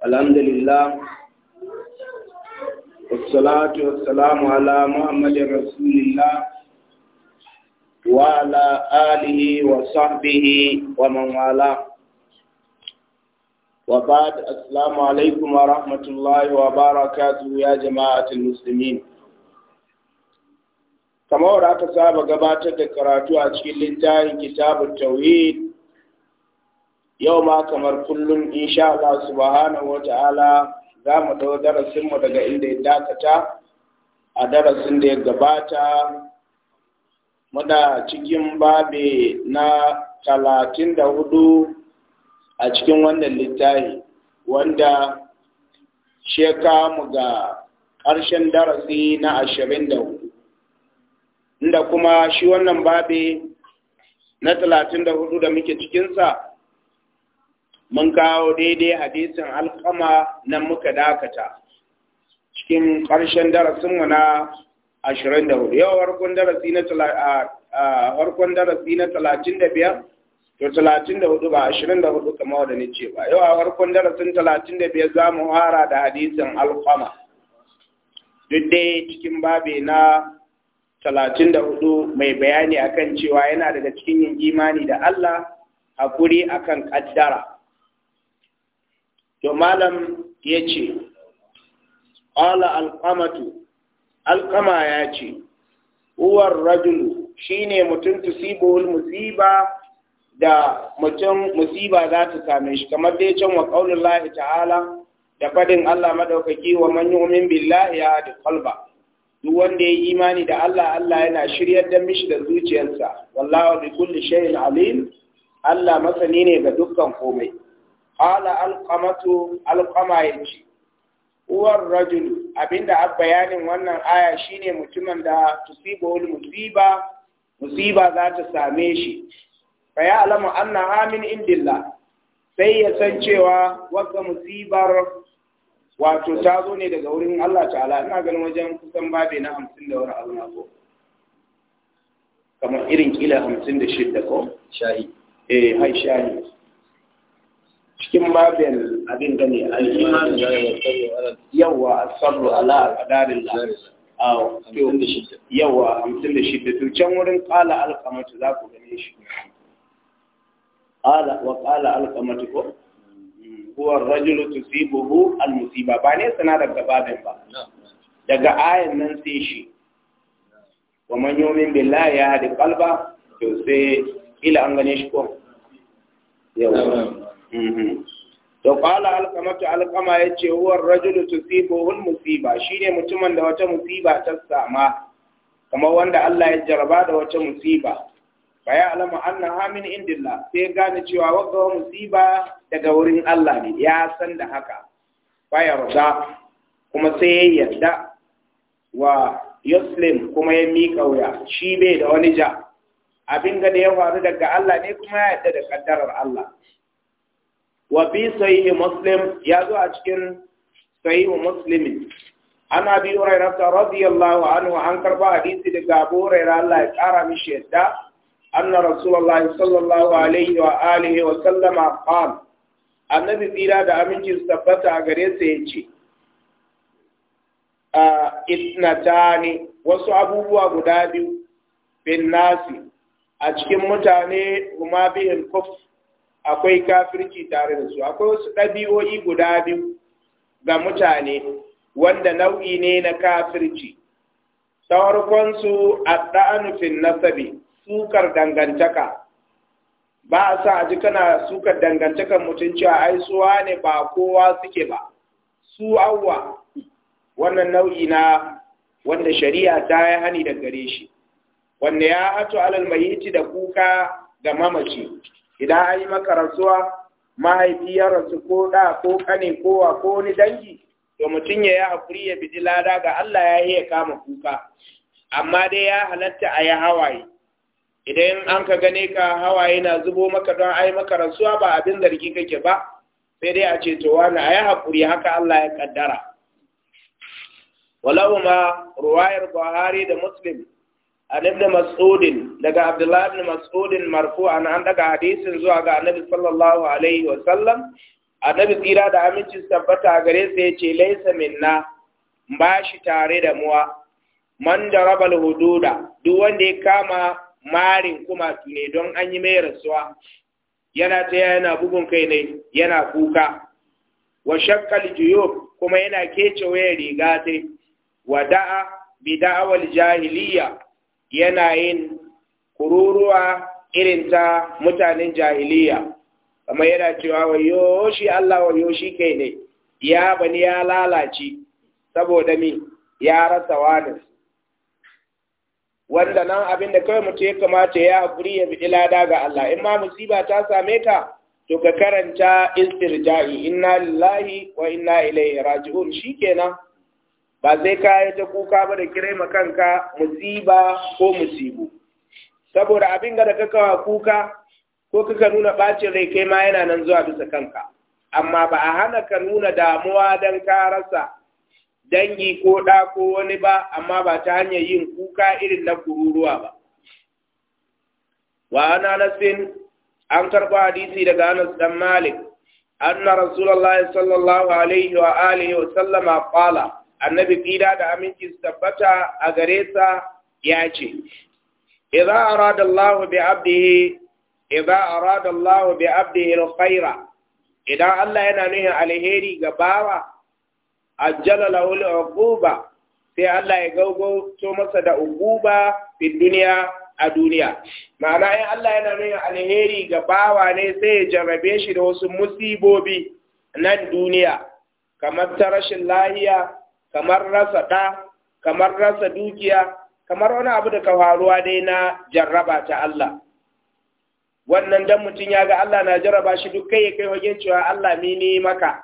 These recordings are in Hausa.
Alhamdulillah, Asalatu wasalamu ala Muhammadu Rasulillah, wa ala alihi wa sahbihi wa mawala. Wa baad, asalamu alaikum wa rahmatullahi wa barakatu ya jama'ati musulmi. Kama wa raka saba gabatar da karatu a cikin littafin kitabun tauhid yau ma kamar kullum insha Allah subhanahu wa ta'ala za mu darasin darasinmu daga inda ya dakata a darasin da ya gabata muna cikin babe na talatin da hudu a cikin wannan littafi wanda sheka mu ga ƙarshen darasi na ashirin da hudu inda kuma shi wannan babe na talatin da hudu da muke cikinsa mun kawo daidai hadisin alkama nan muka dakata cikin ƙarshen darasinmu na 24 yau harkon darasi na 35 to 34 ba 24 kamar da ni ce ba yau a darasin 35 za mu hara da hadisin alkama duk dai cikin babe na 34 mai bayani akan cewa yana daga cikin yin imani da Allah hakuri akan kaddara to malam ya ce ƙala alƙamatu alƙama ya ce uwar rajulu ne mutum tusibul musiba da mutum musiba za ta same shi kamar dai can wa lahi ta'ala da faɗin Allah maɗaukaki wa umin yu'min billahi ya da kalba. duk wanda ya yi imani da Allah Allah yana shiryar da mishi da zuciyarsa wallawa bi kulli shay'in alim Allah masani ne ga dukkan komai qala alqamatu alqama yace uwar rajul abinda a bayanin wannan aya shine mutumin da tusibahu musiba musiba za ta same shi fa ya alamu anna amin indillah sai ya san cewa wata musibar wato ta zo ne daga wurin Allah ta'ala ina ganin wajen kusan babe na hamsin da wani abu na ko kamar irin kila hamsin da shidda ko shahi eh hai shahi cikin babin abin gani al'iman yawa asarru ala qadarin yawa hamsin da shidda to can wurin kala alkamatu za ku gane shi wa kala alkamatu ko huwa rajulu tusibuhu almusiba ba ne sana daga babin ba daga ayan nan sai shi wa man yumin billahi ya hadi qalba to sai ila an gane shi ko yawa da kwala alkamatu alkama ya ce rajul rajulu tusibuhul musiba shine mutumin da wata musiba ta sama kamar wanda Allah ya jaraba da wata musiba fa ya alama anna hamin indillah sai gane cewa wagga musiba daga wurin Allah ne ya san da haka fa ya rada kuma sai ya yarda wa yuslim kuma ya mika wuya shi bai da wani ja abin gani da ya faru daga Allah ne kuma ya yarda da ƙaddarar Allah wa fi sahih muslim ya zo a cikin sahihi muslim an abi ta radiyallahu anhu an karba hadisi daga abu hurairah Allah ya kara mishi yadda anna rasulullahi sallallahu alaihi wa alihi wa sallama qala annabi tsira da aminci tabbata a gare sa ce a itnatani wasu abubuwa guda biyu bin nasi a cikin mutane kuma bihin kufr akwai kafirci tare da su akwai wasu ɗabi'o'i guda biyu ga mutane wanda nau'i ne na kafirci ta a ɗanufin nasabi sukar dangantaka ba a sa a ji kana sukar dangantakan mutum cewa ai suwa ne ba kowa suke ba su awwa wannan nau'i na wanda shari'a ta yi hani da gare shi wanda ya hato alal da kuka ga mamaci idan an yi maka rasuwa mahaifi ya rasu ko ɗa ko ƙane kowa ko wani dangi to mutum ya yi haƙuri ya bidi lada ga Allah ya yi ya kama kuka amma dai ya halatta a yi hawaye idan an ka gane ka hawaye na zubo maka don ai maka rasuwa ba abin zargi kake ba sai dai a ce to wani a yi hakuri haka Allah ya kaddara walau ruwayar Buhari da Muslim an ibn mas'udin daga abdullahi ibn mas'udin ana an daga hadisin zuwa ga annabi sallallahu alaihi wa sallam annabi tsira da aminci tabbata gare ce "Laisa min minna ba shi tare da muwa man rabal hududa duk wanda ya kama marin kuma ne don an yi mai rasuwa yana ta yana bugun kai ne yana kuka wa shakkal juyub kuma yana kece waya riga tai wada'a bi da'awal jahiliya yana yin kururuwa irin ta mutanen jahiliya kamar yana cewa wa yoshi Allah wa yoshi kai ne ya bani ya lalace saboda mi ya rasa wani wanda nan abin da kawai mutum ya kamata ya haƙuri ya biɗi lada ga Allah in ma musiba ta same ka to ka karanta istirja'i inna lillahi wa inna ilaihi raji'un shikenan ba sai ka yi ta kuka ba da kire ma kanka musiba ko musibu saboda abin da ka kawa kuka ko kaka nuna bacin rai kai ma yana nan zuwa bisa kanka amma ba a hana ka nuna damuwa don ka rasa dangi ko da ko wani ba amma ba ta hanyar yin kuka irin na kururuwa ba wa ana nasin an karɓa hadisi daga anas dan malik anna rasulullahi sallallahu alaihi wa alihi wa sallama qala annabi tsira da aminci su tabbata a gare sa ya ce idza arada Allah bi abdihi Allah bi abdihi idan Allah yana nuhin alheri ga bawa ajjala lahu al sai Allah ya gaugauto masa da uquba fi duniya a duniya ma'ana in Allah yana nuhin alheri ga bawa ne sai ya jarrabe shi da wasu musibobi nan duniya kamar ta rashin lahiya kamar rasa ɗa kamar rasa dukiya kamar wani abu da ka faruwa dai na jarraba ta Allah wannan dan mutum ya ga Allah na jarraba shi duk kai ya kai wajen cewa Allah ni ne maka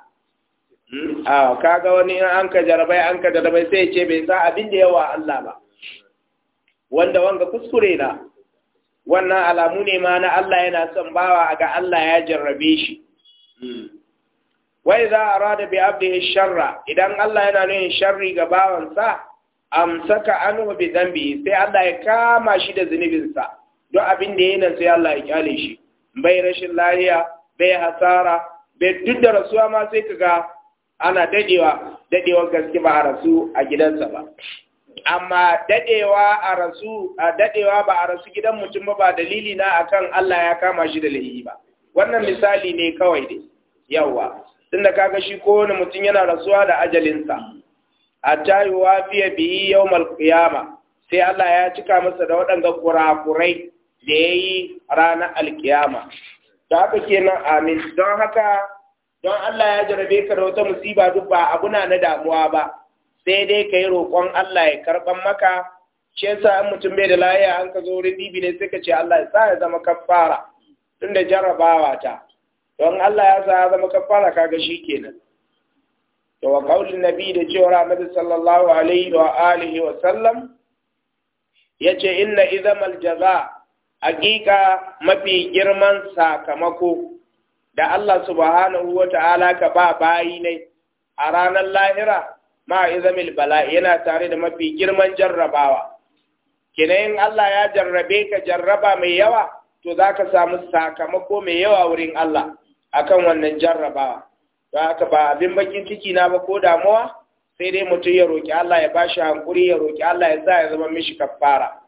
hmm? a kaga wani in an ka jarabai an ka jarabai sai ce bai sa abin da yawa Allah ba wanda wanga kuskure na wannan alamu ne ma na Allah yana son bawa a ga Allah ya jarrabe shi hmm. wai za a rada bi abdihi sharra idan Allah yana nuhin sharri ga bawansa amsaka anhu bi dhanbi sai Allah ya kama shi da zunubinsa don abin da yana sai Allah ya kyale shi bai rashin lahiya bai hasara bai duk da rasuwa ma sai kaga ana dadewa dadewa gaske ba a rasu a gidansa ba amma dadewa a rasu a dadewa ba a rasu gidan mutum ba ba dalili na akan Allah ya kama shi da laifi ba wannan misali ne kawai dai yawa tunda kaga shi wani mutum yana rasuwa da ajalinsa a hatta fiye biyi yau malkiyama sai Allah ya cika masa da waɗanda kurakurai da ya yi ranar alkiyama da haka kenan amin don haka don Allah ya jarabe ka da wata musiba duk ba abu na damuwa ba sai dai ka yi roƙon Allah ya karɓan maka shi yasa in mutum bai da lafiya an ka zo wurin dibi ne sai ka ce Allah ya sa ya zama kafara tunda jarabawa ta don Allah ya sa ya zama kafara ga shi kenan to wa kaulin nabi da cewa annabi sallallahu alaihi wa alihi wa sallam yace inna idhamal jaza hakika mafi girman sakamako da Allah subhanahu wa ta'ala ka ba bayi ne a ranar lahira ma izamil bala yana tare da mafi girman jarrabawa kinayin Allah ya jarrabe ka jarraba mai yawa to za ka samu sakamako mai yawa wurin Allah akan wannan jarrabawa don haka ba abin bakin ciki na ba ko damuwa sai dai mutum ya roƙi Allah ya bashi hankuri ya roƙi Allah ya sa ya zama mishi kafara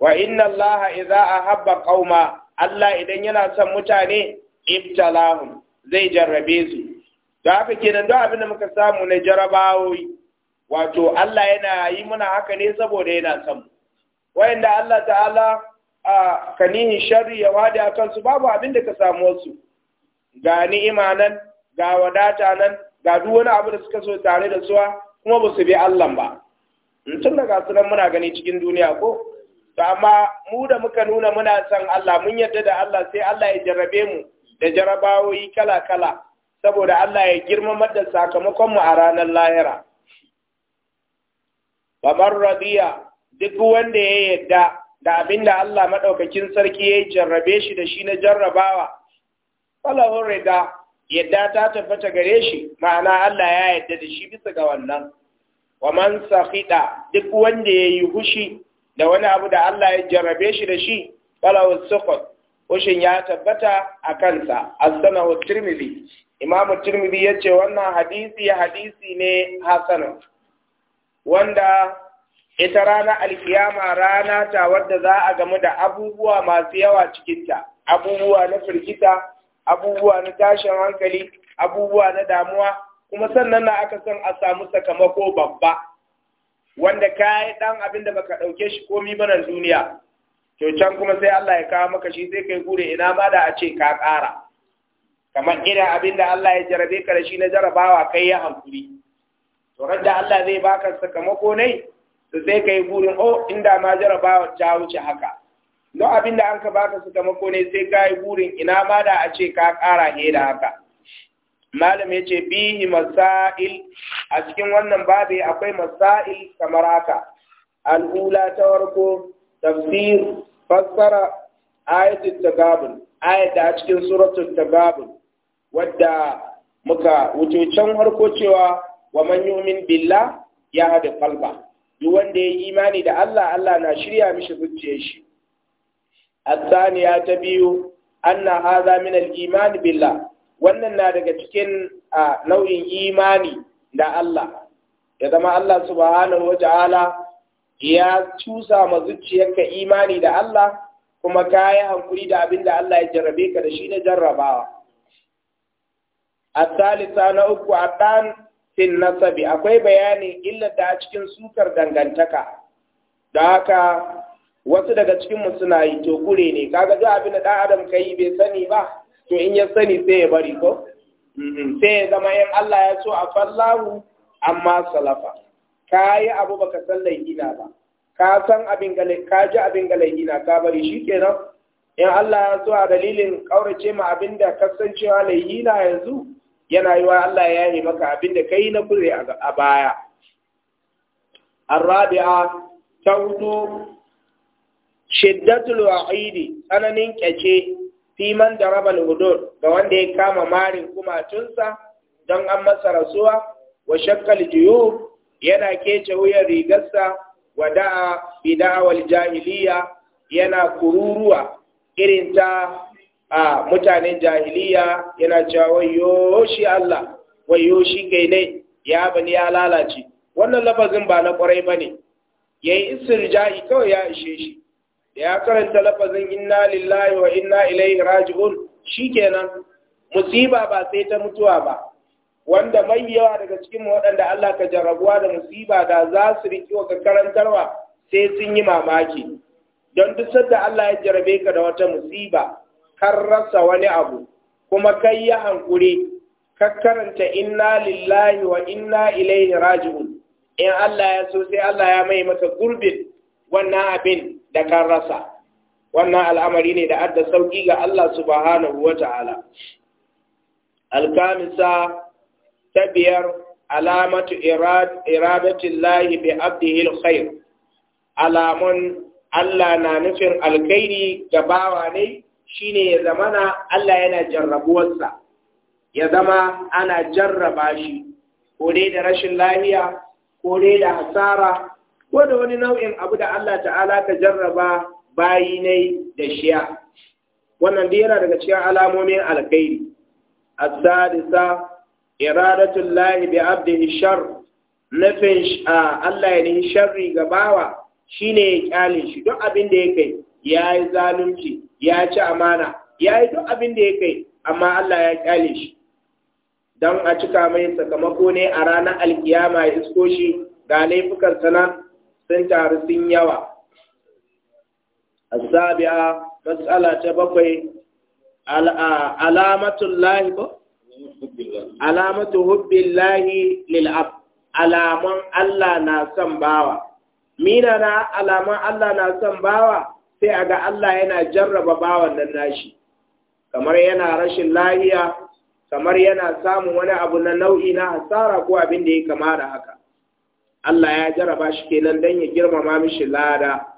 wa inna Allah idza ahabba qauma Allah idan yana son mutane ibtalahum zai jarrabe su don haka kenan duk abin da muka samu na jarrabawoyi? wato Allah yana yi muna haka ne saboda yana son mu wayanda Allah ta'ala a kanihin sharri ya wada akan su babu abin da ka samu wasu ga ni'ima nan ga wadata nan ga duk wani abu da suka so tare da suwa kuma ba su bi Allah ba tun daga sunan muna gani cikin duniya ko to amma mu da muka nuna muna son Allah mun yarda da Allah sai Allah ya jarrabe mu da jarabawoyi kala kala saboda Allah ya girmama da sakamakon mu a ranar lahira Babar radiya duk wanda ya yarda da abinda Allah madaukakin sarki ya jarrabe shi da shi na jarrabawa falahun rida yadda ta tabbata gare shi ma'ana Allah ya yadda da shi bisa ga wannan wa man duk wanda ya yi hushi da wani abu da Allah ya jarrabe shi da shi falahun suqut hushin ya tabbata a kansa as-sanahu tirmidhi imam tirmidhi yace wannan hadisi hadisi ne hasan wanda ita rana alkiyama rana ta wadda za a gamu da abubuwa masu yawa cikinta abubuwa na firgita abubuwa na tashin hankali abubuwa na damuwa kuma sannan na aka san a samu sakamako babba wanda ka yi ɗan abin da baka ɗauke shi komi ba duniya to can kuma sai Allah ya kawo maka shi sai kai gure ina ma da a ce ka ƙara kamar irin abin da Allah ya jarabe ka da shi na jarabawa kai ya hankuri to da Allah zai baka sakamako ne to sai kai gurin oh inda ma jarabawa ta wuce haka don abin da an ka baka su mako ne sai ka yi burin ina ma da a ce ka ƙara ne da haka malam ya ce bihi masail a cikin wannan babi akwai masail kamar haka al'ula ta warko, tafsir fassara ayatul tagabun ayat da a cikin suratul tagabun wadda muka wuce can harko cewa wa man yu'min billah ya hada qalba duk wanda ya imani da Allah Allah na shirya mishi zuciyar shi الثانية تبيو أن هذا من الإيمان billa wannan na daga cikin nau'in imani da Allah ya zama Allah subhanahu Wajen Ala ya cusa ma zuciyarka imani da Allah kuma ka yi hankuri da abin da Allah ya jarrabe ka da shi na jarrabawa asalisa na uku a ɗan fin nasabi akwai bayanin illar da a cikin sukar dangantaka da haka wasu daga cikin mu suna yi to kure ne kaga duk abin da dan adam ka yi bai sani ba to in ya sani sai ya bari ko mm-hmm. sai ya zama 'yan Allah ya so a fallahu amma salafa Ka yi abu baka san laihina ba ka san abin ka ji abin ga laihina ka bari shikenan in Allah ya so a dalilin kaurace ma abin da kasancewa laihina yanzu yana yi wa Allah ya yi maka abin da kai na kure a baya arabi'a ta hudu shiddatul wa'idi tsananin kyace fiman da rabal hudur ga wanda ya kama marin kumatunsa don an masa rasuwa wa shakkal juyu yana kece wuyan rigarsa wa da'a bida'awal jahiliya yana kururuwa irin ta a mutanen jahiliya yana cewa wayo shi Allah wayo shi kai ne ya bani ya lalace wannan lafazin ba na kwarai bane yayi sirja'i kawai ya ishe shi da ya karanta lafazin inna lillahi wa inna ilaihi raji'un shikenan musiba ba sai ta mutuwa ba wanda mai yawa daga cikin waɗanda Allah ka jarabuwa da musiba da za su riƙi wa karantarwa sai sun yi mamaki don duk sadda Allah ya jarabe ka da wata musiba kan rasa wani abu kuma kai ya hankuri ka karanta inna lillahi wa inna ilaihi raji'un in Allah ya so sai Allah ya mai maka gurbin wannan abin da kan rasa wannan al'amari ne da adda sauki ga Allah subhanahu wa ta'ala alkamisa ta biyar alamatu iradatin lahi bi abdihi khair alamun Allah na nufin alkhairi ga bawa ne shine ya zamana Allah yana jarrabuwarsa ya zama ana jarraba shi ko dai da rashin lahiya ko dai da hasara ko da wani nau'in abu da Allah ta'ala ka jarraba bayi ne da shiya wannan da yana daga cikin alamomin alkhairi as-sadisa iradatu llahi bi abdihi shar nafin Allah ya nihi sharri ga bawa shine ya kyale shi duk abin da ya kai yayi zalunci ya ci amana yayi duk abin da ya amma Allah ya kyale shi don a cika mai sakamako ne a ranar alkiyama ya isko shi ga laifukan sana sun taru sun yawa bakwai alamatun lahi ko? alamatun hubbin lahi lil'af. Alaman Allah na son bawa. Mina na alaman Allah na son bawa? sai a ga Allah yana jarraba bawan nan nashi kamar yana rashin lahiya kamar yana samun wani abu na nau'i na hasara ko abin da ya kama da haka Allah ya jaraba shi kenan dan ya girmama mishi lada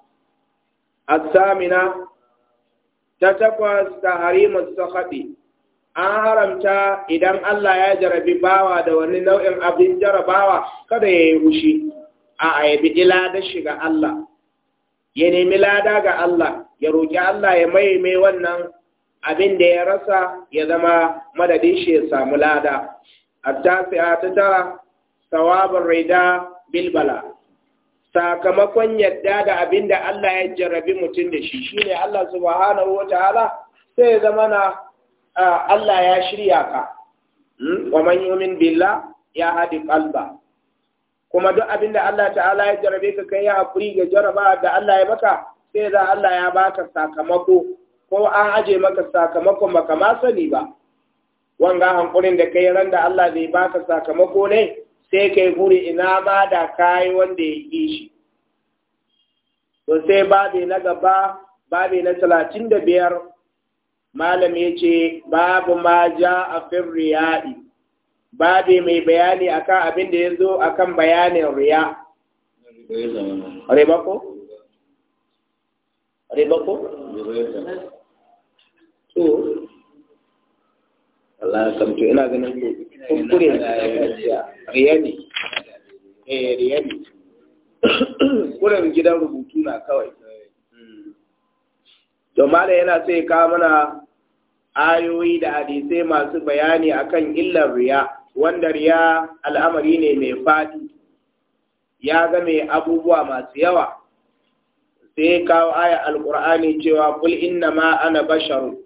asamina ta takwas ta harimu sakhaɗi an haramta idan Allah ya jarabi bawa da wani nau'in abin jarabawa kada ya yi rushi a aibi ilada ga Allah ya nemi lada ga Allah ya roƙi Allah ya maimai wannan abin da ya rasa ya zama madadin shi ya samu lada. Attasi'a ta tara, sawabin bilbala sakamakon yadda da abin da Allah ya jarabi mutum da shi shi ne Allah subhanahu wa ta'ala sai ya zama na Allah ya shirya ka hmm? wa man yu'min billah ya hadi qalba kuma duk abin da Allah ta'ala ya jarrabe ka kai ya hakuri ga jaraba da Allah ya baka? sai da Allah ya baka sakamako ko an aje maka sakamako baka ma sani ba wanga hankulin da kai ran da Allah zai baka sakamako ne sai kai guri ina ma da kayi wanda ya ƙi shi to sai babi na gaba babi na talatin da biyar malam ya ce babu ma ja a fin ba babi mai bayani akan abin da ya zo a kan bayanin riya ribako? ribako? to Allah ya kamto ina ganin gobe kuskure ne eh gidan rubutu na kawai to mala yana sai ka mana ayoyi da hadisi masu bayani akan illar riya wanda riya al'amari ne mai fadi ya ga mai abubuwa masu yawa sai kawo aya alkur'ani cewa kul inna ma ana basharu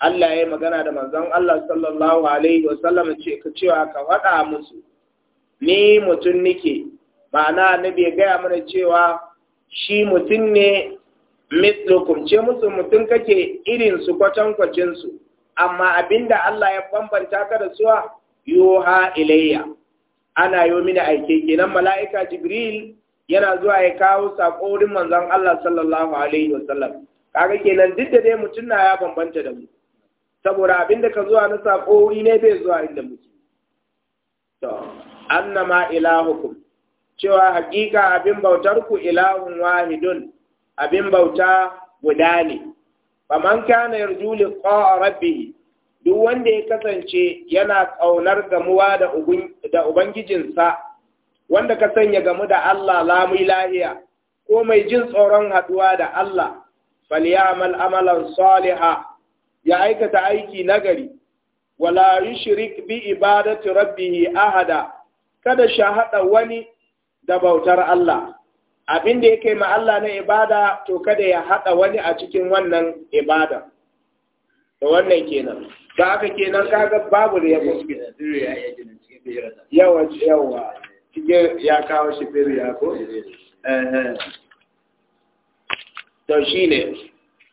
Allah ya magana da manzon Allah sallallahu alaihi sallam ce ka cewa ka faɗa musu ni mutum nike ma'ana annabi ya gaya mana cewa shi mutum ne mislukum ce musu mutum kake irin su kwatan kwacin su amma abinda Allah ya bambanta ka da suwa yoha ilayya ana yo mini aike kenan mala'ika jibril yana zuwa ya kawo sako wurin manzon Allah sallallahu alaihi wa sallam kaga kenan duk da dai mutum na ya bambanta da mu saboda abinda ka zuwa na saƙo wuri ne bai zuwa inda muke to annama ilahukum cewa hakika abin bautar ku ilahun wahidun abin bauta guda ne faman kana yarju liqa rabbih duk wanda ya kasance yana ƙaunar gamuwa da da ubangijinsa wanda ka sanya gamu da Allah lamu lahiya ko mai jin tsoron haɗuwa da Allah falyamal amalan salihah ya aikata aiki nagari wala yushrik bi ibadati rabbih ahada kada sha hada wani da bautar Allah abin da yake ma Allah na ibada to kada ya hada wani a cikin wannan ibada da wannan kenan da haka kenan kaga babu da yabo yawa yawa cikin ya kawo shi fere ya ko eh eh to shine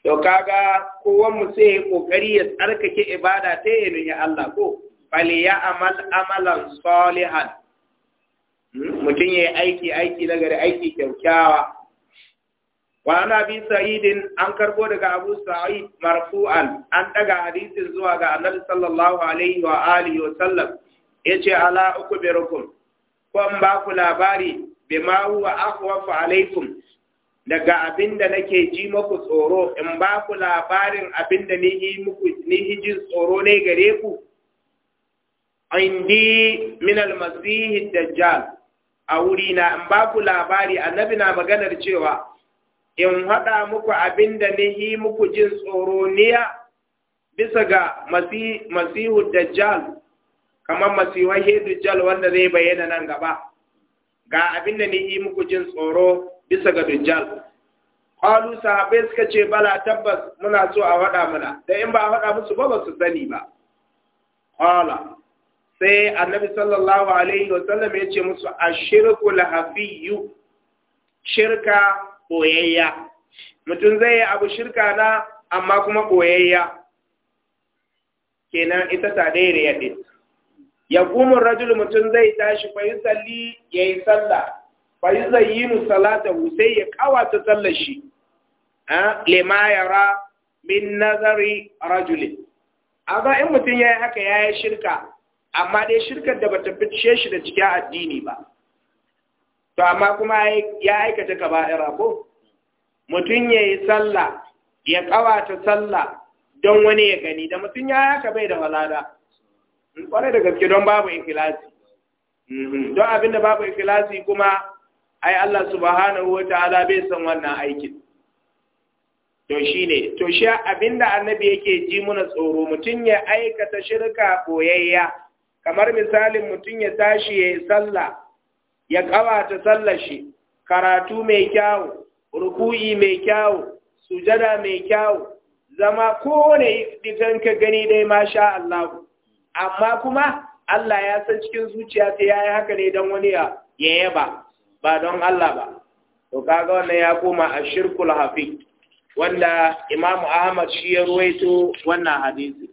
to kaga kowan mu sai ya kokari ya tsarkake ibada ta yin ya Allah ko bal ya amal amalan salihan hmm? mutum ya aiki aiki na gari aiki kyaukyawa wa ana bi sa'idin an karbo daga Abu Sa'id marfu'an an daga hadisin zuwa ga Annabi sallallahu alaihi wa alihi wa sallam yace ala ukubirukum kun ba ku labari bima huwa akhwafu alaikum daga abin da nake ji muku tsoro in ba ku labarin abin da ni yi jin tsoro ne gare ku indi min almasihi dajjal a wurina in ba ku labari annabi na maganar cewa in haɗa muku abin da ni yi muku jin tsoro niya bisa ga masihu dajjal kamar masihu dajjal wanda zai bayyana nan gaba ga abin da ni yi muku jin tsoro bisa ga dujjal qalu sahabai suka ce bala tabbas muna so a faɗa mana da in ba a faɗa musu ba ba su sani ba qala sai annabi sallallahu alaihi wa sallam ya ce musu ashirku lahafiyu shirka boyayya mutum zai yi abu shirka na amma kuma boyayya kenan ita ta daidai ya ya gumin rajul mutum zai tashi fa yi salli ya yi sallah fa yuzayyinu salatahu sai ya kawata sallar shi lima yara min nazari rajulin aga in mutum yayi haka yayi shirka amma dai shirkar da bata fice shi da cikin addini ba to amma kuma ya aikata kaba'ira ko mutum yayi sallah ya kawata sallah don wani ya gani da mutum ya haka bai da walada in kware da gaske don babu ikhlasi mhm. don abin da babu ikhlasi kuma ai Allah subhanahu wa ta'ala bai san wannan aikin to shine to shi abinda annabi yake ji muna tsoro mutum ya aikata shirka boyayya kamar misalin mutum ya tashi ya yi sallah ya kawata sallar shi karatu mai kyawu ruku'i mai kyawu sujada mai kyawu zama kowane ditan ka gani dai masha Allah amma kuma Allah ya san cikin zuciya ta yayi haka ne dan wani ya yaba ba don Allah ba to kaga wannan ya koma a shirkul hafi wanda Imam Ahmad shi ya ruwaito wannan hadisi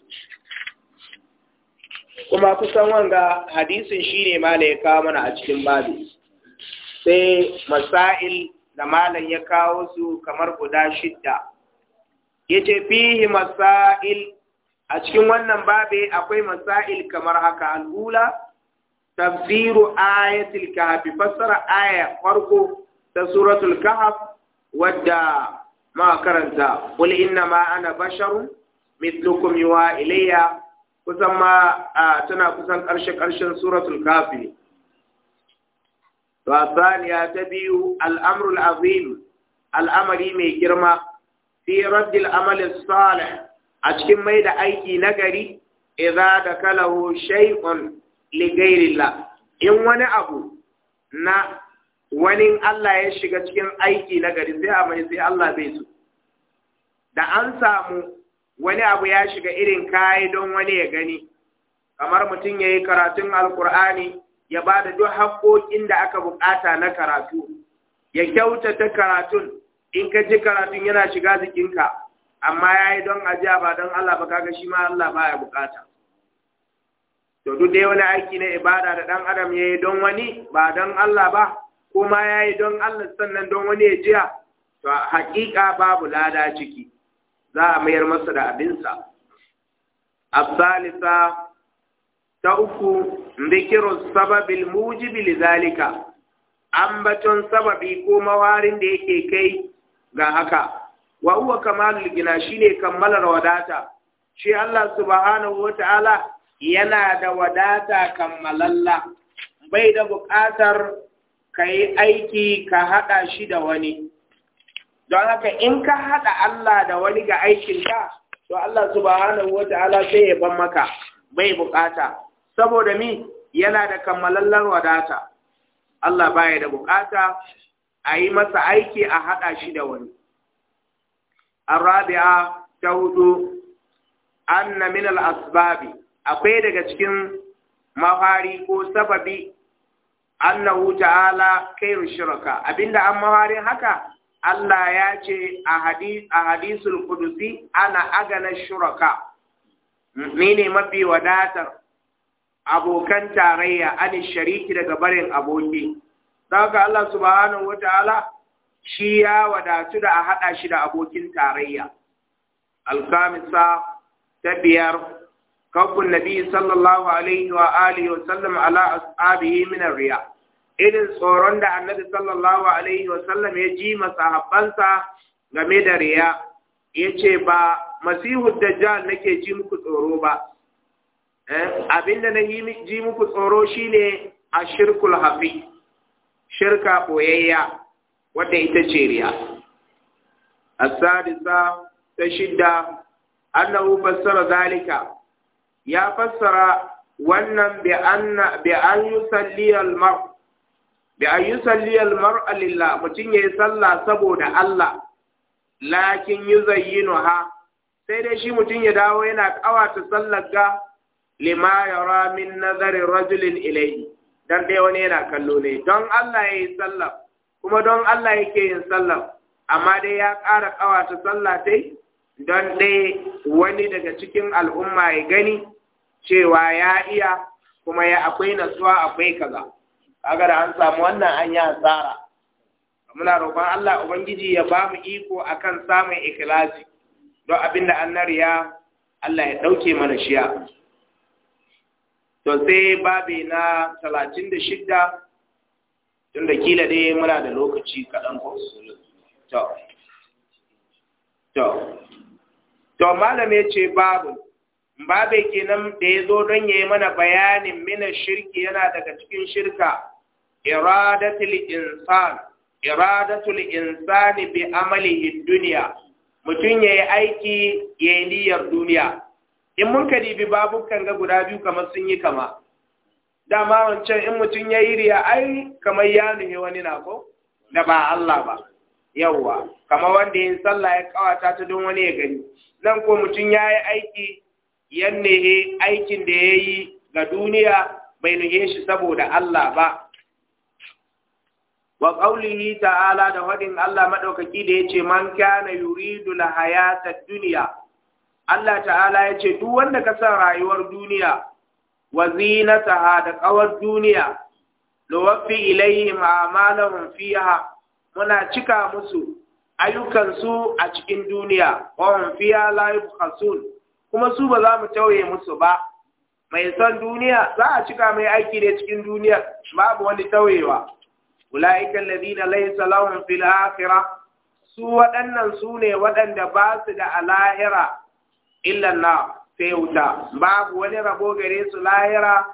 kuma kusan wanga hadisin shine mala ya kawo mana a cikin babu sai masail da malam ya kawo su kamar guda shidda yace fihi masail a cikin wannan babi akwai masail kamar haka al'ula tafsiru ayatul kahfi fassara aya farko ta suratul kahf wadda ma karanta qul inna ma ana basharun mithlukum yuwa ilayya kusan ma tana kusan karshe karshen suratul kahfi to asaniya ta biyu al'amrul azim al'amari mai girma fi raddil amalin salih a cikin mai da aiki nagari idza da kalahu shay'un ligairila in wani abu na wani Allah ya shiga cikin aiki na gari sai amai sai Allah zai so da an samu wani abu ya shiga irin kayi don wani ya gani kamar mutum ya yi karatun alkur'ani ya ba da duk haƙoƙin da aka buƙata na karatu ya kyautata karatun in ka ji karatun yana shiga jikinka amma ya yi don ajiya ba don Allah ba kaga shi ma Allah baya ya buƙata to duk dai wani aiki na ibada da ɗan adam ya yi don wani ba don Allah ba ko ma ya yi don Allah sannan don wani ya jiya to haƙiƙa babu lada ciki za a mayar masa da abinsa asalisa ta uku zikiru sababil mujibi lizalika ambaton sababi ko mawarin da yake kai ga haka wa huwa kamalul gina shine kammalar wadata shi Allah subhanahu wata'ala yana da wadata kammalalla bai da buƙatar ka yi aiki ka haɗa shi da wani don haka in ka haɗa Allah da wani ga aikin aikinka to Allah subhanahu wata'ala sai ya ban maka bai buƙata saboda mi yana da kammalallar wadata Allah baya da buƙata a yi masa aiki a haɗa shi da wani rabi'a ta hudu anna min al-asbabi akwai daga cikin mahari ko sababi annahu ta'ala kai shirka abinda an mahari haka Allah ya ce a hadis a hadisul qudusi ana agana shuraka mene mafi wadatar abokan tarayya ani shariki daga barin aboki daga Allah subhanahu wataala shi ya wadatu da a hada shi da abokin tarayya alkamisa ta biyar كف النبي صلى الله عليه وآله وسلم على أصحابه من الرياء irin tsoron da annabi sallallahu alaihi wasallam ya ji masahabbansa game da riya ya ce ba masihu dajjal nake ji muku tsoro ba eh, abinda na ji muku tsoro shine a shirkul hafi shirka boyayya wadda ita ce riya asadisa ta shidda annahu fassara zalika ya fassara wannan bi anna bi an yusalli al mar bi an yusalli al mar lillah mutun yayi sallah saboda Allah lakin ha sai dai shi mutum ya dawo yana kawata sallar ga lima yara min nazari rajulin ilayhi dan dai wani yana kallo ne don Allah yayi sallah kuma don Allah yake yin sallah amma dai ya ƙara kawata sallah dai don dai wani daga cikin al'umma ya gani cewa ya iya kuma ya akwai nasuwa akwai kaza Agar an samu wannan an yi asara muna roƙon Allah ubangiji ya ba mu iko akan samun ikilasi don da an ya, Allah ya ɗauke mana shiya to sai babi na talatin da shida. tun da kila dai muna da lokaci kaɗan ko to to to malam ce babu babai kenan da ya zo don ya yi mana bayanin mina shirki yana daga cikin shirka iradatul insan iradatul insani bi amalihi duniya mutum ya yi aiki ya yi niyyar duniya in mun ka dibi babukan ga guda biyu kamar sun yi kama dama wancan in mutum ya yi riya ai kamar ya nuhi wani na ko da ba Allah ba yawwa kamar wanda ya sallah ya kawata ta don wani ya gani nan ko mutum ya yi aiki yanne aikin da ya yi ga duniya bai nuhe shi saboda Allah ba wa qaulihi ta'ala da haɗin Allah maɗaukaki da yace man kana yuridu la hayata duniya. Allah ta'ala yace duk wanda ka san rayuwar duniya wa zinata da ƙawar duniya lawafi ilayhim a'malahum fiha muna cika musu ayyukansu a cikin duniya fi fiya la yubkhasun kuma su ba za mu tauye musu ba mai son duniya za a cika mai aiki ne cikin duniya babu wani tauyewa ulaika na laysa lahum fil akhirah su waɗannan su ne waɗanda ba su da alahira illan na sai wuta babu wani rabo gare su lahira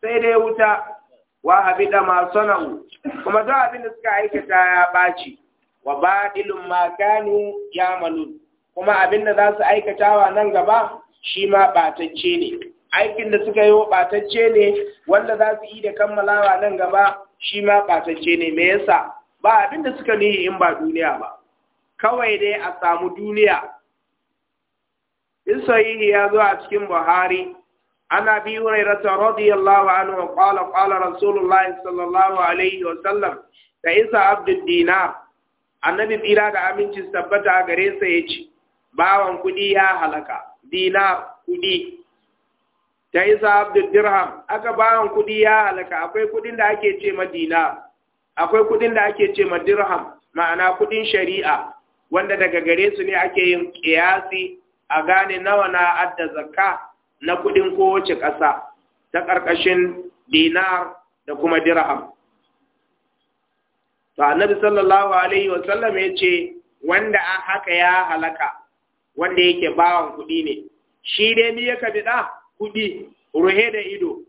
sai dai wuta wa habida ma sana'u kuma za abin da suka aikata ya ɓaci wa baɗilun ma kanu ya kuma abin da za su aikatawa nan gaba shi ma ɓatacce ne aikin da suka yi wa ɓatacce ne wanda za su yi da kammalawa nan gaba shi ma ɓatacce ne me yasa ba abin da suka nihi in ba duniya ba kawai dai a samu duniya in sahihi ya zo a cikin buhari عن أبي هريرة رضي الله عنه قال قال رسول الله صلى الله عليه وسلم تعيسى عبد الدينار النبي إلى دا أمين تستبت أغريسة يجي باوان كودي يا هلكا دينار كودي تعيسى عبد الدرهم اكا باوان كودي يا هلكا أكوي كودين دا اكي تشي ما دينار أكوي كودين دا اكي تشي ما درهم ma'ana كودين شريعه wanda daga gare su ne ake yin kiyasi a gane nawa na adda zakka na kuɗin kowace ƙasa ta ƙarƙashin dinar da kuma dirham. To annabi sallallahu alaihi wasallam ya ce wanda a haka ya halaka wanda yake bawan kuɗi ne. Shi dai ni ya kabiɗa kuɗi ruhe da ido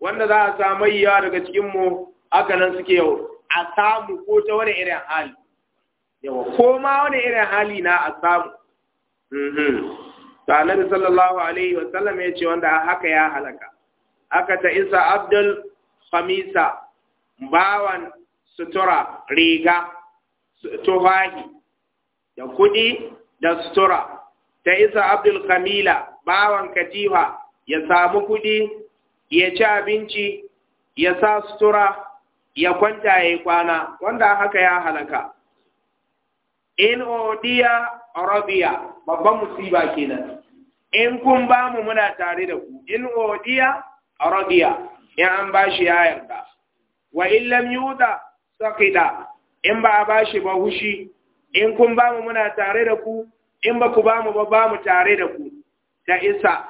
wanda za a samu yawa daga cikinmu aka nan suke yau a samu ko ta wani irin hali. Yawa ko ma wani irin hali na a samu. Mhm. to annabi sallallahu alaihi wa sallam ya wanda haka ya halaka aka ta isa abdul khamisa bawan sutura riga tufahi da kudi da sutura ta isa abdul kamila bawan katifa ya samu kudi ya ci abinci ya sa sutura ya kwanta ya yi kwana wanda haka ya halaka in odiya rabia babban musiba kenan in kun ba mu muna tare da ku in odiya radiya in an ba shi ya yarda wa in lam yuda saqida in ba a ba shi ba hushi in kun ba mu muna tare da ku in ba ku ba mu ba ba mu tare da ku ta isa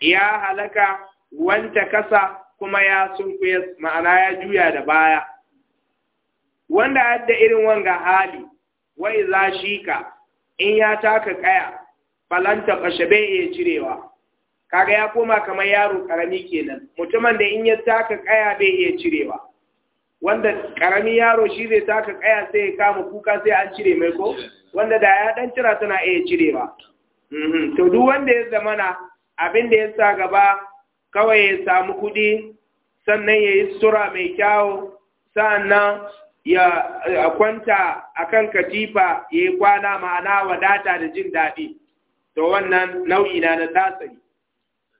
ya halaka wanta kasa kuma ya sunkuya ma'ana ya juya da baya wanda adda irin wanga hali wa iza shika in ya taka kaya falanta kashabe ya cirewa kaga ya koma kamar yaro karami kenan mutumin da in ya taka kaya bai iya cirewa wanda karami yaro shi zai taka kaya sai ya kama kuka sai an cire mai ko wanda da ya dan cira tana iya cirewa mhm. to duk wanda ya zamana abin da ya sa gaba kawai ya samu kuɗi sannan ya yi sura mai kyau, sannan ya kwanta akan katifa ya yi kwana ma'ana wadata da jin daɗi to wannan nau'i na na tasiri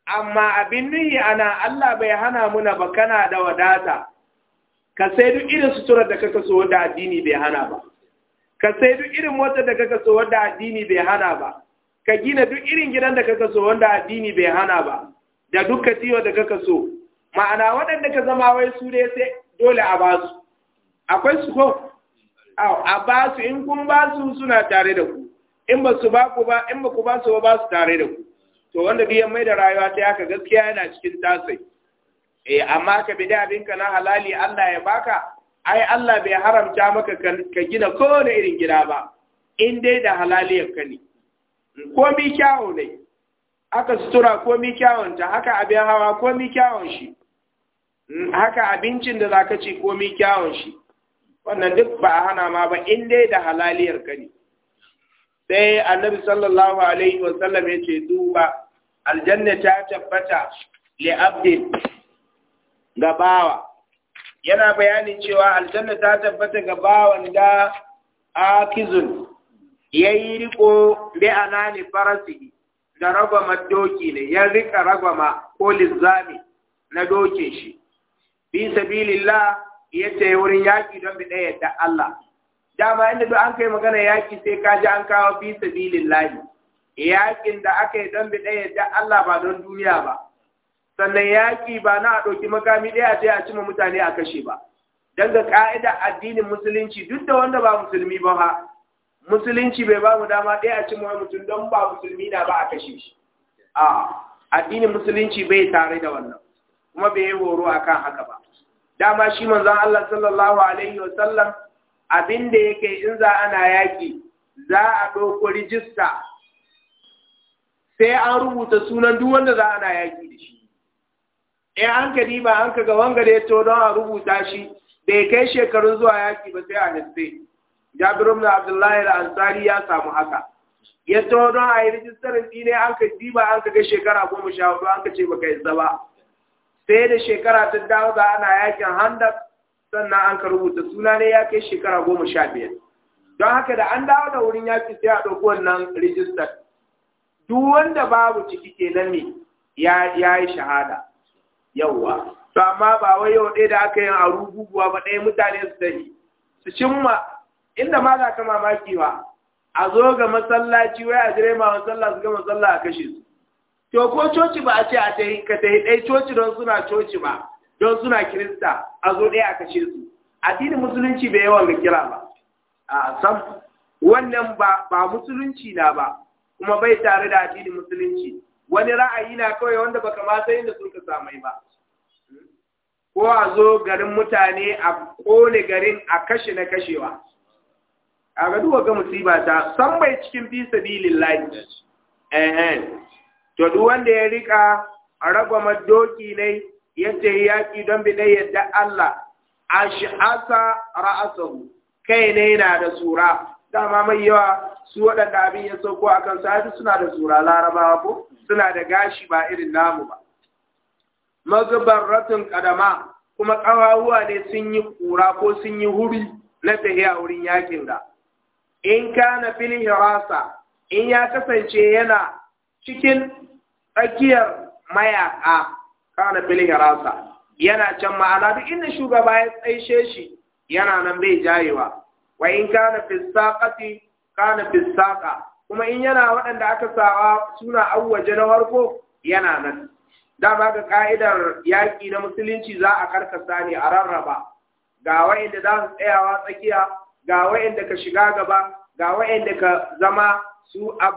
amma abin nuhi ana Allah bai hana muna ba kana da wadata ka sai duk irin suturar da kaka so wadda addini bai hana ba ka sai duk irin motar da kaka so wadda addini bai hana ba ka gina duk irin gidan da kaka so wanda addini bai hana ba da duka tiyo da kaka so ma'ana waɗanda ka zama wai su dai sai dole a ba su akwai su ko a ba su in kun ba su suna tare da ku in ba su ba ku ba in ba ku ba su ba su tare da ku to wanda biyan mai da rayuwa ta haka gaskiya yana cikin tasai eh amma ka bi da abinka na halali Allah ya baka ai Allah bai haramta maka ka gina ko da irin gida ba in dai da halali ka ne mi kyawun ne aka sutura mi kyawun ta haka abin hawa mi kyawun shi hmm, haka abincin da zaka ci mi kyawun shi wannan duk ba a hana ma ba in dai da halaliyar ka ne sai annabi sallallahu alaihi wa sallam ya ce duba aljanna ta tabbata li abdi ga bawa yana bayanin cewa aljanna ta tabbata ga bawan da akizun yayi riko bi anani farasihi da raba doki ne ya rika ma ko lizami na doke shi bi sabilillah yace wurin yaki don bi da Allah dama inda duk an kai magana yaki sai ka ji an kawo fi sabilillahi yakin da aka yi don bidai yadda Allah ba don duniya ba sannan yaki ba na a ɗauki makami ɗaya sai a cima mutane a kashe ba don ga ka'ida addinin musulunci duk da wanda ba musulmi ba ha musulunci bai ba mu dama ɗaya a cima wani mutum don ba musulmi na ba a kashe shi a addinin musulunci bai tare da wannan kuma bai yi horo akan haka ba dama shi manzon Allah sallallahu alaihi wa sallam abin da yake in za ana yaƙi za a ɗauko rijista sai an rubuta sunan duk wanda za ana yaƙi da shi in an ka diba an ka ga wanga da ya to don a rubuta shi da ya kai shekarun zuwa yaƙi ba sai a nitse jabir ibn abdullahi da ansari ya samu haka ya to don a yi rijistar ɗi ne an ka diba an ka ga shekara goma sha hudu an ka ce baka yi ba sai da shekara ta dawo za ana yakin handar sannan an ka rubuta suna ne ya kai shekara goma sha biyar don haka da an dawo da wurin yaƙi sai a ɗauki wannan rijistar duk wanda babu ciki nan ne ya yi shahada yawwa to amma ba wai yau ɗaya da aka yi a rububuwa ba ɗaya mutane su dani su cimma inda ma za ka mamaki ba a zo ga masallaci wai a jire ma sallah su ga a kashe su to ko coci ba a ce a ta yi ka ta yi ɗaya coci don suna coci ba don suna kirista a zo ɗaya a kashe su addinin musulunci bai yawan ga kira ba a sam wannan ba musulunci na ba kuma bai tare da addinin musulunci wani ra'ayi na kawai wanda baka ma san inda sun ka samai ba ko a zo garin mutane a kone garin a kashe na kashewa a ga duwa ga musiba ta san bai cikin fi sabilillahi eh eh to duk wanda ya rika ragwamar doki ne yadda yaƙi don bidai yadda Allah asa ra'asahu kai ne yana da tsura dama mai yawa su waɗanda abin ya sauko a kan sa'adu suna da tsura larabawa ko suna da gashi ba irin namu ba mazubarratun ƙadama kuma kawawuwa ne sun yi ƙura ko sun yi huri na tahiya wurin yakin da in kana filin hirasa in ya kasance yana cikin tsakiyar mayaka kana filin rasa yana can ma'ana duk inda shugaba ya tsaishe shi yana nan bai jayewa wa in kana fisaqati kana fisaqa kuma in yana waɗanda aka sawa suna awwaje na farko yana nan da ba ga ka'idar yaƙi na musulunci za a karkasa ne a rarraba ga wa'inda za su tsayawa tsakiya ga wa'inda ka shiga gaba ga wa'inda ka zama su a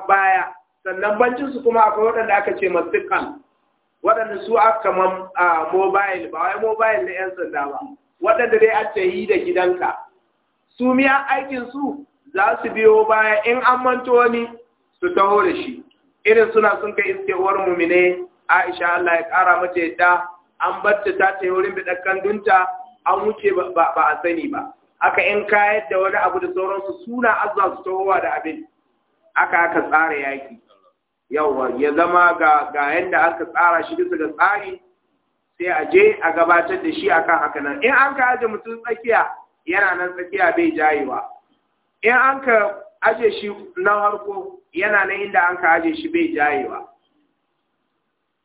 sannan bancin su kuma akwai waɗanda aka ce masukan waɗanda su aka kaman a mobayil. ba wai mobayil na 'yan sanda ba waɗanda dai aka yi da gidanka su miya aikin su za su biyo baya in an manto wani su taho da shi irin suna sun kai mu mumine Aisha Allah ya ƙara mata yadda an batta ta ta wurin bidakan dunta an wuce ba a sani ba Haka in kayar da wani abu da sauransu suna azza su tahowa da abin aka aka tsara yaki yawa ya zama ga ga yanda aka tsara shi bisa ga tsari sai a je a gabatar da shi akan haka nan in an ka aje mutum tsakiya yana nan tsakiya bai jayewa in an ka aje shi na harko yana nan inda an ka aje shi bai jayewa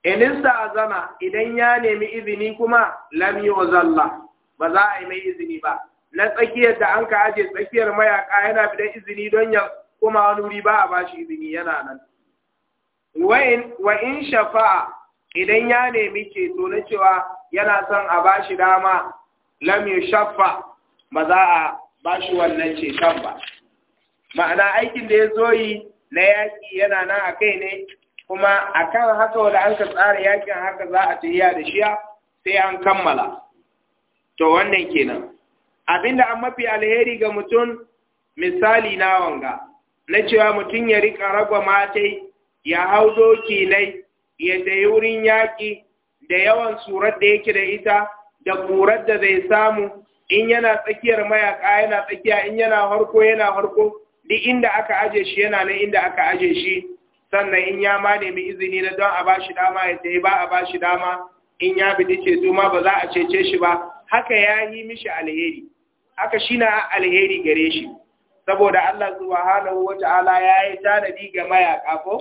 in azama idan ya nemi izini kuma lam yuzalla ba za a yi mai izini ba na tsakiyar da an ka aje tsakiyar mayaka yana bidan izini don ya kuma wani wuri ba a bashi izini yana nan wa in shafa'a idan ya nemi ceto na cewa yana son a ba shi dama lam shafa ba za a ba shi wannan ceton ba ma'ana aikin da ya zo yi na yaƙi yana nan a kai ne kuma a kan haka wanda an ka tsara yaƙin haka za a tafiya da shiya sai an kammala to wannan kenan abinda an mafi alheri ga mutum misali na wanga na cewa mutum ya rika ragwa matai ya hau doki nai ya tayi wurin yaƙi da yawan surar da yake da ita da ƙurar da zai samu in yana tsakiyar mayaƙa yana tsakiya in yana harko yana harko duk inda aka aje shi yana nan inda aka aje shi sannan in ya ma nemi izini na don a ba shi dama ya tayi ba a ba shi dama in ya bi ceto ma ba za a cece shi ba haka ya yi mishi alheri haka shi na alheri gare shi saboda Allah subhanahu Ta'ala ya yi tanadi ga mayaƙa ko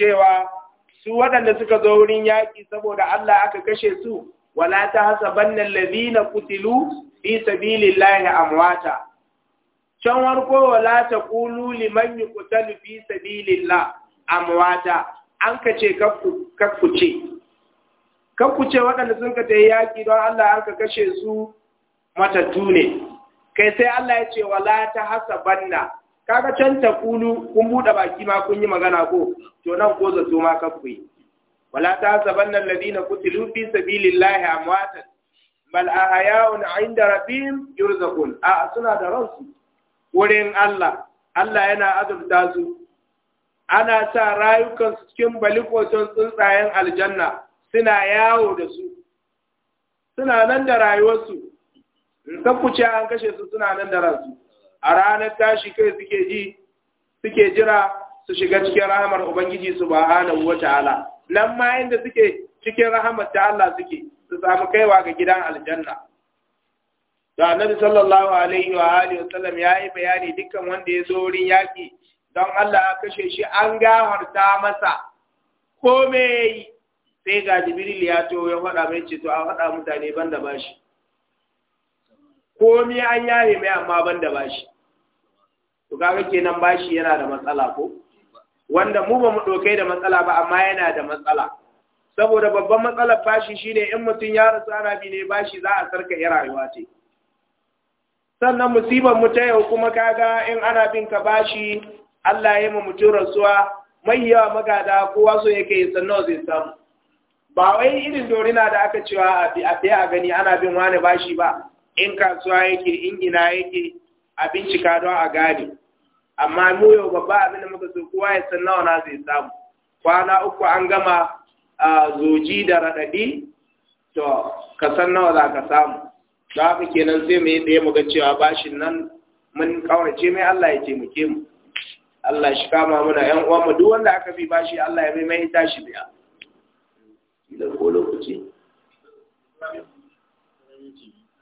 cewa su waɗanda suka zo wurin yaƙi saboda Allah aka kashe su wala ta hasa hasabanna allazina kutilu fi sabilin sabilillahi amwata can warko wala ta ƙulu liman yi kutalu fi sabilin sabilillah amwata an kace kakkuce kakkuce waɗanda sun ka tayi yaƙi don Allah an ka kashe su matattu ne kai sai Allah ya ce wala ta hasa bannan kaga can ta kulu kun buɗe baki ma kun yi magana ko to nan ko zato ma ka kuyi wala ta sabanna alladhina kutilu fi sabilillahi amwatan bal ahya'un 'inda rabbihim yurzaqun a suna da ransu wurin Allah Allah yana azurta su ana sa rayukansu cikin balikocin tsuntsayen aljanna suna yawo da su suna nan da rayuwarsu in ka kuce an kashe su suna nan da ransu a ranar tashi kai suke ji suke jira su shiga cikin rahamar ubangiji su wa ta'ala nan ma inda suke cikin rahamar ta Allah suke su samu kaiwa ga gidan aljanna da annabi sallallahu alaihi wa alihi wa sallam ya yi bayani dukkan wanda ya zo wurin yaki don Allah ya kashe shi an gafarta masa komai sai ga jibril ya to ya faɗa mai ce to a faɗa mutane banda bashi komi an yaye mai amma ban da bashi to kaga kenan bashi yana da matsala ko wanda mu ba mu dokai da matsala ba amma yana da matsala saboda babban matsalar bashi shine in mutum ya rasu ana bi ne bashi za a sarka ya rayuwa ce sannan musibar mu ta yau kuma kaga in ana bin ka bashi Allah ya mu mutun rasuwa mai yawa magada kowa so yake sannan zai samu ba wai irin dorina da aka cewa a biya a gani ana bin wani bashi ba in kasuwa yake in gina yake a bincika don a gane amma mu yau babba abin da muka so kowa ya san nawa na zai samu kwana uku an gama zoji da raɗaɗi to ka san nawa za ka samu za haka kenan sai mu yi ɗaya mu ga cewa bashin nan mun kaurace mai Allah ya ce mu ke mu Allah shi kama muna ƴan uwan mu duk wanda aka bi bashi Allah ya mai mai tashi biya da ko lokaci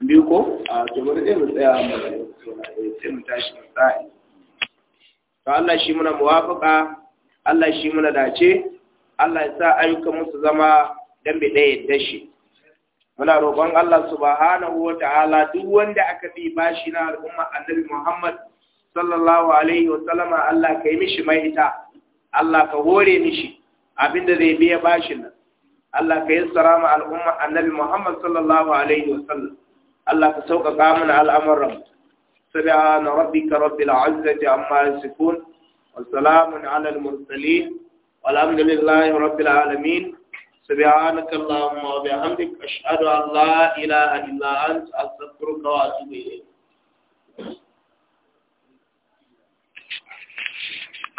biyu ko a jabar ɗaya mu tsaya sai mu tashi mu tsaye to Allah shi muna muwafaka Allah shi muna dace Allah ya sa ayyukan musu zama dan bai ɗaya yadda shi muna roƙon Allah subhanahu wa ta'ala duk wanda aka bi bashi na al'umma annabi Muhammad sallallahu alaihi wa sallama Allah ka yi mishi mai ita Allah ka hore mishi abinda zai biya bashin nan Allah ka yassara ma al'umma annabi Muhammad sallallahu alaihi wa sallam Allah ka sauƙaƙa mana al'amuran سبحان ربك رب العزة عما يصفون وسلام على المرسلين والحمد لله رب العالمين سبحانك اللهم وبحمدك أشهد أن لا إله إلا أنت أستغفرك وأتوب إليك